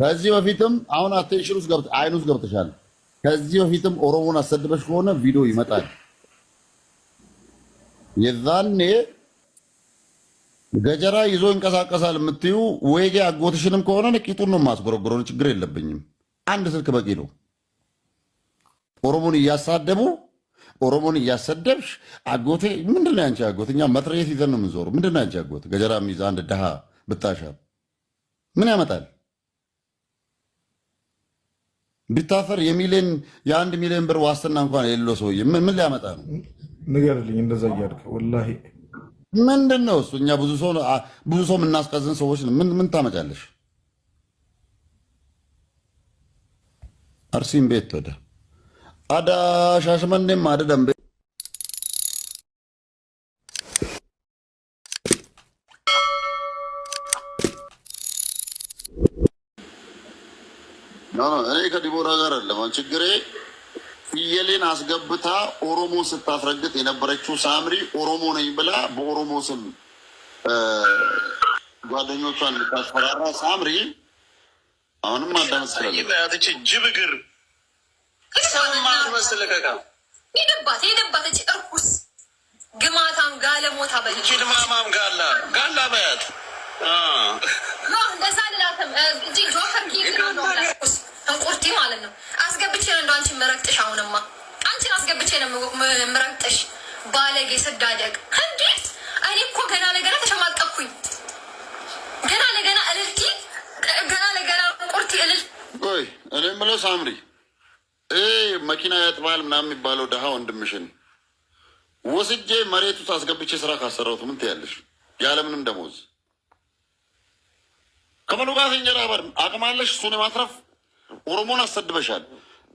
ከዚህ በፊትም አሁን አቴንሽን ውስጥ ገብተ አይን ውስጥ ገብተሻል። ከዚህ በፊትም ኦሮሞን አሰድበሽ ከሆነ ቪዲዮ ይመጣል። የዛኔ ገጀራ ይዞ ይንቀሳቀሳል የምትዩ ወይጌ አጎትሽንም ከሆነ ቂጡን ነው የማስጎረጎረው። ችግር የለብኝም። አንድ ስልክ በቂ ነው። ኦሮሞን እያሳደቡ ኦሮሞን እያሰደብሽ አጎቴ ምንድን ነው ያንቺ አጎት? እኛ መትረየት ይዘን ነው የምንዞሩ። ምንድን ነው ያንቺ አጎት? ገጀራ የሚይዝ አንድ ድሃ ብታሻ ምን ያመጣል? ቢታፈር የሚሊዮን የአንድ ሚሊዮን ብር ዋስትና እንኳን የሌለው ሰውዬ ምን ሊያመጣ ነው? ንገርልኝ። እንደዛ እያልክ ወላሂ ምንድን ነው እሱ? እኛ ብዙ ሰው ብዙ ሰው የምናስቀዝን ሰዎች ምን ምን ታመጫለሽ? አርሲም ቤት ወደ አዳ ሻሽመኔም አደ አሁን ችግሬ ፍየሌን አስገብታ ኦሮሞ ስታስረግጥ የነበረችው ሳምሪ ኦሮሞ ነኝ ብላ በኦሮሞ ስም ጓደኞቿን ልታስፈራራ ሳምሪ አሁንም አዳመስለች ያለች ጅብ እግር ሄደባት እርኩስ ግማታም ጋለሞታ በልጅ ድማማም ጋላ ጋላ በያት ምረግጥሽ። አሁንማ አንቺን አስገብቼ ነው ምረግጥሽ። ባለጌ ስዳደግ እንዴት! እኔ እኮ ገና ለገና ተሸማቀኩኝ። ገና ለገና እልልቲ፣ ገና ለገና ቁርቲ እልል። ቆይ እኔ የምለው ሳምሪ፣ መኪና ያጥባል ምናምን የሚባለው ድሃ ወንድምሽን ወስጄ መሬት ውስጥ አስገብቼ ስራ ካሰራሁት ምን ትያለሽ? ያለምንም ደሞዝ ከመኖ ጋር እንጀራ በር አቅማለሽ። እሱን የማትረፍ ኦሮሞን አሰድበሻል።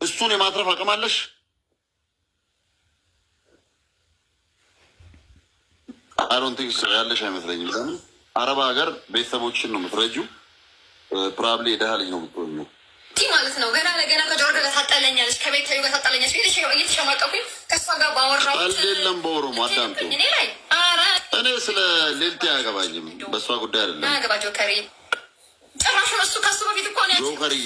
እሱን የማትረፍ አቅም አለሽ? አይዶንት ቲንክ ያለሽ አይመስለኝም። ለምን አረብ ሀገር ቤተሰቦችን ነው የምትረጂው። ፕሮባብሊ የደሃ ልጅ ነው የምትሆኙ ማለት ነው። ገና ለገና ከጆርዳን ጋር ታጣለኛለች፣ ከቤታዩ ጋር ታጣለኛለች። እየተሸማቀኩኝ ከእሷ ጋር ባወራሁ የለም። በኦሮሞ አዳምጡ። እኔ ስለ ሌልቲ አያገባኝም። በእሷ ጉዳይ አይደለም። አያገባቸው ከሪ ጭራሽ እሱ ከሱ በፊት እኮ ነው ጆከርዬ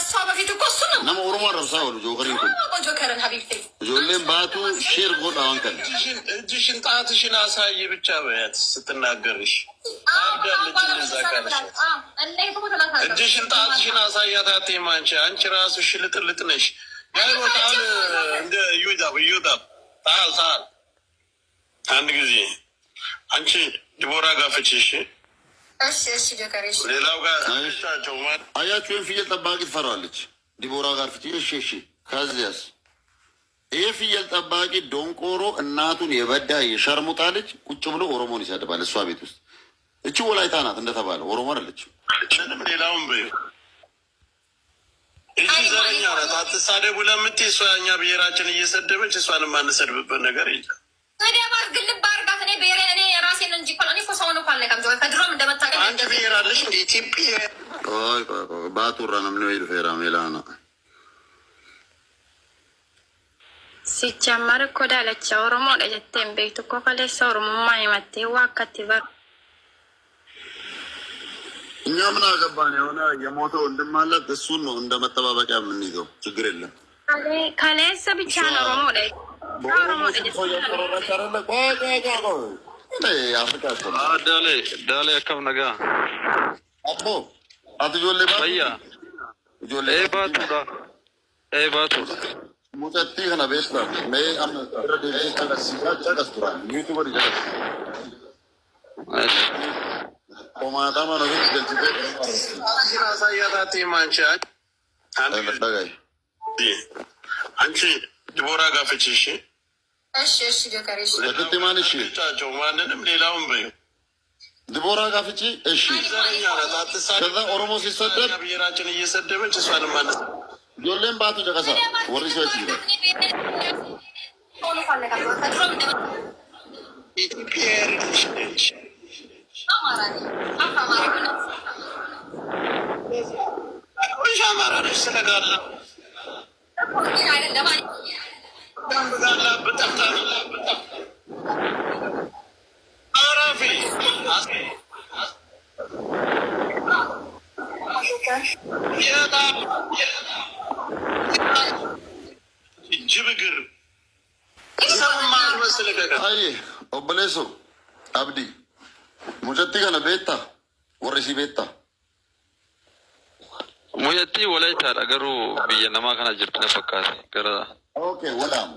ከእሷ በፊት እኮ እሱ ነው nama ኦሮሞ ረብሳ ሆኑ ጆከሪን ኩን ጆከርን ሀቢብቴ ጆሌን ባቱ ሼር ጎድ አሁን ከል እጅሽን ጣትሽን አሳይ ብቻ በያት ስትናገርሽ እጅሽን ጣትሽን አሳያት። አቴም አንቺ አንቺ ራስሽ ልጥልጥ ነሽ። ጋይ እንደ ዩዳብ ዩዳብ ታል ታል አንድ ጊዜ አንቺ ዲቦራ ጋፈችሽ ሌላው ጋር አያችሁ፣ ወይም ፍየል ጠባቂ ትፈራለች። ዲቦራ ጋር ፍች እሺ፣ እሺ። ከዚያስ ይህ ፍየል ጠባቂ ዶንቆሮ እናቱን የበዳ የሸርሙጣ ልጅ ቁጭ ብሎ ኦሮሞን ይሰድባል እሷ ቤት ውስጥ። እቺ ወላይታ ናት እንደተባለ ኦሮሞ አለች። ሌላውም እቺ ዘረኛ ናት። አትሳደቡ ለምት እሷ እኛ ብሔራችን እየሰደበች እሷን የማንሰድብበት ነገር የለም። ሲጀመር እኮ ዳለቻ ኦሮሞ ደጀቴን ቤቱ እኮ ከሌሳ ኦሮሞማ ይመቴ ዋከት በር እኛ ምን አገባን? የሆነ የሞተ ወንድም አላት። እሱን ነው እንደ መጠባበቂያ የምንይዘው። ችግር የለም። ከሌሳ ብቻ ነው ኦሮሞ डाले कब लगा आपको आप जो ले भैया जो ले बात होगा ए बात होगा मुझे तीन ना बेचता मैं हम तेरा डेली का सीधा जगह सुरा यूट्यूबर जगह कोमा था मानो हिट जल्दी पे किरा सा या था ती मांचा हम लगा ये अंची दिबोरा का फिचिशी ማንንም ሌላውን በዩ ድቦራ ጋፍጪ። እሺ ከዛ ኦሮሞ ሲሰደብ ብሔራችን እየሰደበች እሷን ማለት ጆሌን ባቱ ጨቀሳ ወሪ ሰዎች ይላል ነች ጅብ እግር ኦቦሌሶ አብዲ ሙጨቲ ከነ ቤታ ወርሲ ቤታ ሙጨቲ ወላይታadha ገሩ ብየ ነማ ከና ጅርትነ ፈካት ገረ ኦኬ ወላም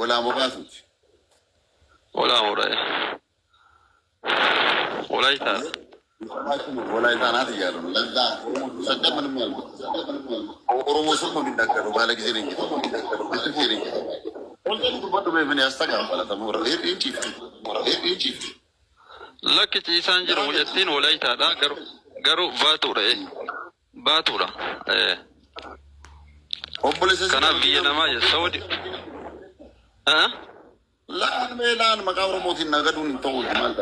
ወላም ወባሱት ወላም ወራይ ወላይታ ወላይታ ናት እያሉ ነው። ለዛ ሰደ ምንም ያልኩት ኦሮሞ ስል ነው የሚናገሩ ባለ ጊዜ ነኝ ነኝ ምን ያስተጋባል ለክ ቺሳን ጅሩ ሙጀቲን ወላይታዳ ገሩ ባቱረ ባቱራ ከና ብዬ ነማ ሰወድ ላን ሜላን መቃብረ ሞቲን ነገዱን ተውት ማለት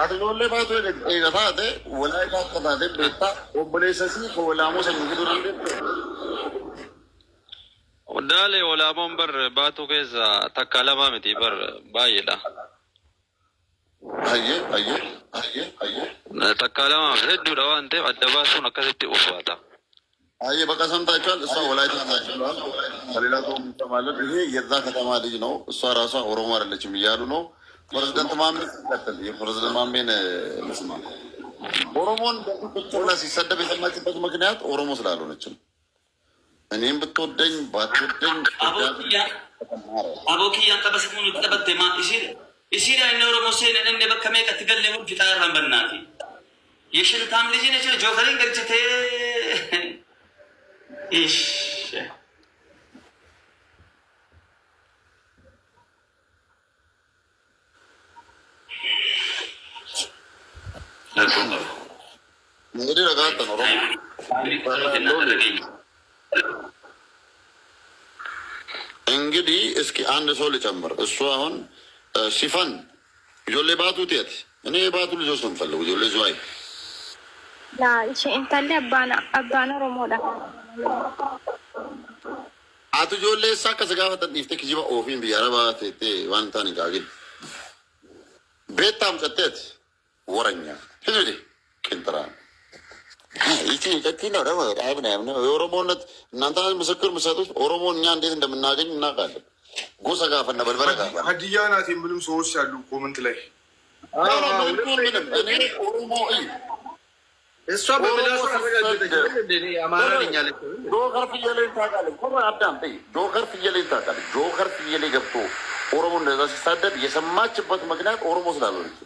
አትጆሌ ባቶ ይነታት ወላይ ካቀታት ቤታ ኦብሌሰሲ ከወላሞ ሰንግዱ ዳሌ ወላሞን በር ባቶ ከዛ ተካለማ ምቲ በር ባይላ አየ አየ አየ አየ ተካለማ ህዱ ለዋንቴ አደባሱን አካሰቲ ኡፋታ አይ በቃ ሰምታችኋል። እሷ ወላይታ ናቸው ከሌላ ሰው ነው። እሷ ራሷ ኦሮሞ አይደለችም እያሉ ነው። ፕሬዚደንት ማሜ ሲቀጥል የፕሬዚደንት ማሜን ልስማ። ኦሮሞን ሆነ ሲሰደብ የሰማችበት ምክንያት ኦሮሞ ስላልሆነች ነው። እኔም ብትወደኝ ባትወደኝ አቦኪያን ጠበስሙን ማ ኢሲዳ አይነ ኦሮሞ ሴን እነ በከሜ ቀትገለሙ ፊጣራን በናት የሽልታም ልጅ ነች ጆከሪን ገልጭቴ እንግዲህ እስኪ አንድ ሰው ልጨምር። እሱ አሁን ሲፈን ጆሌ ባቱ ቴት እኔ የባቱ ልጆች ነው የምፈልጉ ጆሌ ዝዋይ እንተሌ አቱ ጆሌ እሳ ከስጋ ፈጠዲፍቴ ኪጂባ ኦፊን ብያረባ ቴቴ ዋንታን ጋግል ቤታም ቀጤት ወረኛ ህዝብ ቄንጥራ ይቺ ነው ደግሞ የኦሮሞነት እናንተ ምስክር ምሰቶች ኦሮሞን እኛ እንዴት እንደምናገኝ እናውቃለን። ጎሳ ጋፈና በልበለ ሀዲያ ናት የምልም ሰዎች ያሉ ኮመንት ላይ እሷ በምላሱ ጆከር ፍየሌ ታውቃለህ። አዳም ጆከር ፍየሌ ታውቃለህ። ጆከር ፍየሌ ገብቶ ኦሮሞ እንደዛ ሲሳደብ የሰማችበት ምክንያት ኦሮሞ ስላልሆነች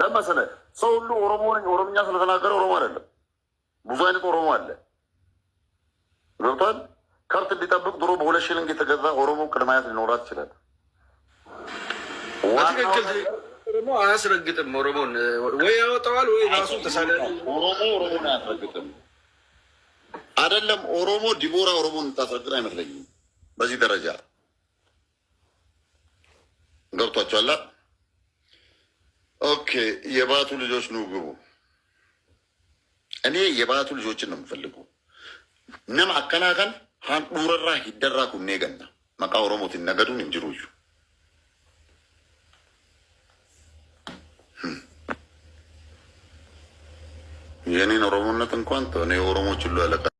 ለመሰለ ሰው ሁሉ ኦሮሞ ነኝ ኦሮምኛ ስለተናገረ ኦሮሞ አይደለም። ብዙ አይነት ኦሮሞ አለ። ገብቷል። ከብት እንዲጠብቅ ድሮ በሁለት ሽልንግ የተገዛ ኦሮሞ ቅድማያት ሊኖራት ይችላል። ኦሮሞ አያስረግጥም። ኦሮሞን ወይ ያወጣዋል ወይ ራሱ ተሳለ። ኦሮሞ አያስረግጥም። አይደለም ኦሮሞ ዲቦራ ኦሮሞ የምታስረግጥ አይመስለኝም። በዚህ ደረጃ ገብቷቸዋላ ኦኬ፣ የባቱ ልጆች ኑ ግቡ። እኔ የባቱ ልጆችን ነው የምፈልጉ። ነም አከናከን ሀን ዱረራ ሂደራ ኩኔ ገና መቃ ኦሮሞትን ነገዱን እንጅሩዩ የኔን ኦሮሞነት እንኳን እኔ ኦሮሞች ሁሉ ያለቀ